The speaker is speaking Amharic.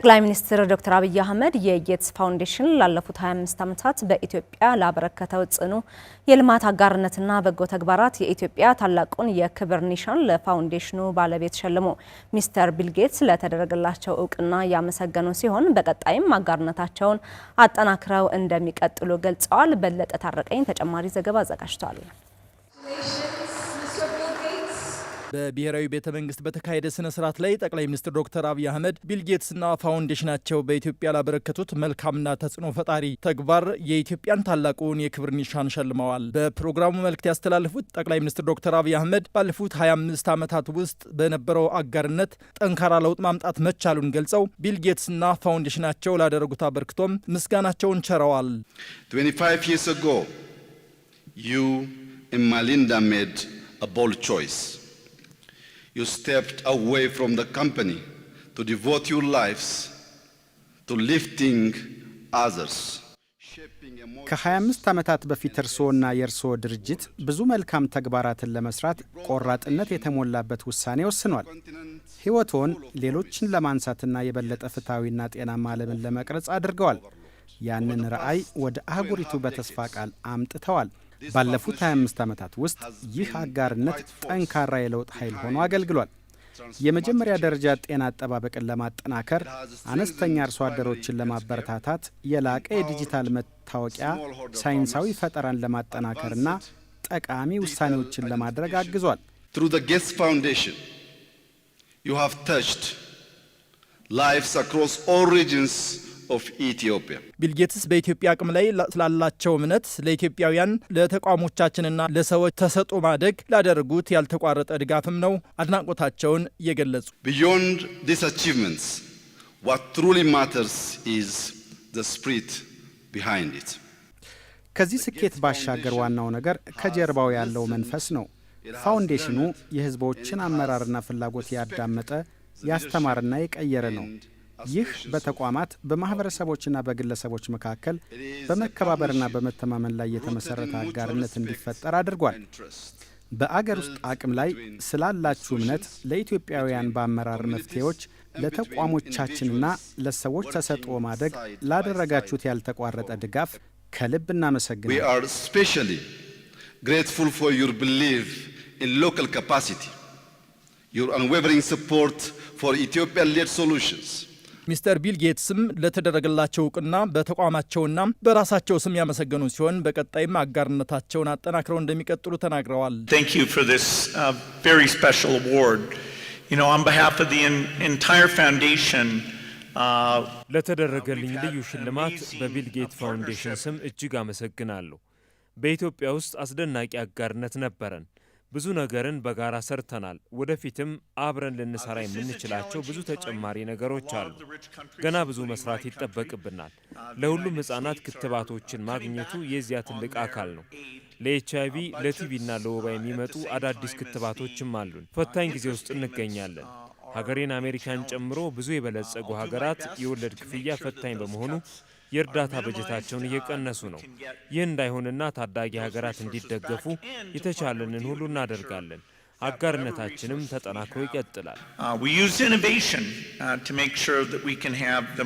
ጠቅላይ ሚኒስትር ዶክተር አብይ አህመድ የጌትስ ፋውንዴሽን ላለፉት 25 ዓመታት በኢትዮጵያ ላበረከተው ጽኑ የልማት አጋርነትና በጎ ተግባራት የኢትዮጵያ ታላቁን የክብር ኒሻን ለፋውንዴሽኑ ባለቤት ሸልሞ ሚስተር ቢል ጌትስ ለተደረገላቸው እውቅና ያመሰገኑ ሲሆን በቀጣይም አጋርነታቸውን አጠናክረው እንደሚቀጥሉ ገልጸዋል። በለጠ ታረቀኝ ተጨማሪ ዘገባ አዘጋጅቷል። በብሔራዊ ቤተ መንግስት በተካሄደ ስነ ስርዓት ላይ ጠቅላይ ሚኒስትር ዶክተር አብይ አህመድ ቢልጌትስና ፋውንዴሽናቸው በኢትዮጵያ ላበረከቱት መልካምና ተጽዕኖ ፈጣሪ ተግባር የኢትዮጵያን ታላቁን የክብር ኒሻን ሸልመዋል። በፕሮግራሙ መልእክት ያስተላለፉት ጠቅላይ ሚኒስትር ዶክተር አብይ አህመድ ባለፉት 25 ዓመታት ውስጥ በነበረው አጋርነት ጠንካራ ለውጥ ማምጣት መቻሉን ገልጸው ቢልጌትስና ፋውንዴሽናቸው ላደረጉት አበርክቶም ምስጋናቸውን ቸረዋል። 25 years ago you and Malinda made a bold choice you stepped away from the company to devote your lives to lifting others. ከ25 ዓመታት በፊት እርስዎና የእርስዎ ድርጅት ብዙ መልካም ተግባራትን ለመስራት ቆራጥነት የተሞላበት ውሳኔ ወስኗል። ሕይወትዎን ሌሎችን ለማንሳትና የበለጠ ፍትሐዊና ጤናማ ዓለምን ለመቅረጽ አድርገዋል። ያንን ራዕይ ወደ አህጉሪቱ በተስፋ ቃል አምጥተዋል። ባለፉት 25 ዓመታት ውስጥ ይህ አጋርነት ጠንካራ የለውጥ ኃይል ሆኖ አገልግሏል። የመጀመሪያ ደረጃ ጤና አጠባበቅን ለማጠናከር፣ አነስተኛ አርሶ አደሮችን ለማበረታታት፣ የላቀ የዲጂታል መታወቂያ፣ ሳይንሳዊ ፈጠራን ለማጠናከርና ጠቃሚ ውሳኔዎችን ለማድረግ አግዟል። Through the GETS Foundation, you have touched lives ኦፍ ኢትዮጵያ ቢል ጌትስ በኢትዮጵያ አቅም ላይ ስላላቸው እምነት ለኢትዮጵያውያን ለተቋሞቻችንና ለሰዎች ተሰጥኦ ማደግ ላደረጉት ያልተቋረጠ ድጋፍም ነው አድናቆታቸውን የገለጹ። ቢዮንድ ዲስ አቺቭመንትስ ዋት ትሩሊ ማተርስ ኢዝ ዘ ስፕሪት ቢሃይንድ ኢት ከዚህ ስኬት ባሻገር ዋናው ነገር ከጀርባው ያለው መንፈስ ነው። ፋውንዴሽኑ የህዝቦችን አመራርና ፍላጎት ያዳመጠ ያስተማርና የቀየረ ነው። ይህ በተቋማት በማህበረሰቦችና በግለሰቦች መካከል በመከባበርና በመተማመን ላይ የተመሰረተ አጋርነት እንዲፈጠር አድርጓል። በአገር ውስጥ አቅም ላይ ስላላችሁ እምነት ለኢትዮጵያውያን በአመራር መፍትሄዎች ለተቋሞቻችንና ለሰዎች ተሰጥኦ ማደግ ላደረጋችሁት ያልተቋረጠ ድጋፍ ከልብ እናመሰግናለን። ሚስተር ቢል ጌትስም ለተደረገላቸው እውቅና በተቋማቸውና በራሳቸው ስም ያመሰገኑ ሲሆን በቀጣይም አጋርነታቸውን አጠናክረው እንደሚቀጥሉ ተናግረዋል። uh, uh, ለተደረገልኝ ልዩ ሽልማት በቢል ጌት ፋውንዴሽን ስም እጅግ አመሰግናለሁ። በኢትዮጵያ ውስጥ አስደናቂ አጋርነት ነበረን። ብዙ ነገርን በጋራ ሰርተናል። ወደፊትም አብረን ልንሰራ የምንችላቸው ብዙ ተጨማሪ ነገሮች አሉ። ገና ብዙ መስራት ይጠበቅብናል። ለሁሉም ሕጻናት ክትባቶችን ማግኘቱ የዚያ ትልቅ አካል ነው። ለኤች አይቪ ለቲቪና ለወባ የሚመጡ አዳዲስ ክትባቶችም አሉን። ፈታኝ ጊዜ ውስጥ እንገኛለን። ሀገሬን አሜሪካን ጨምሮ ብዙ የበለጸጉ ሀገራት የወለድ ክፍያ ፈታኝ በመሆኑ የእርዳታ በጀታቸውን uh, እየቀነሱ ነው። ይህ እንዳይሆንና ታዳጊ ሀገራት እንዲደገፉ የተቻለንን ሁሉ እናደርጋለን። አጋርነታችንም ተጠናክሮ ይቀጥላል። uh, We use innovation uh, to make sure that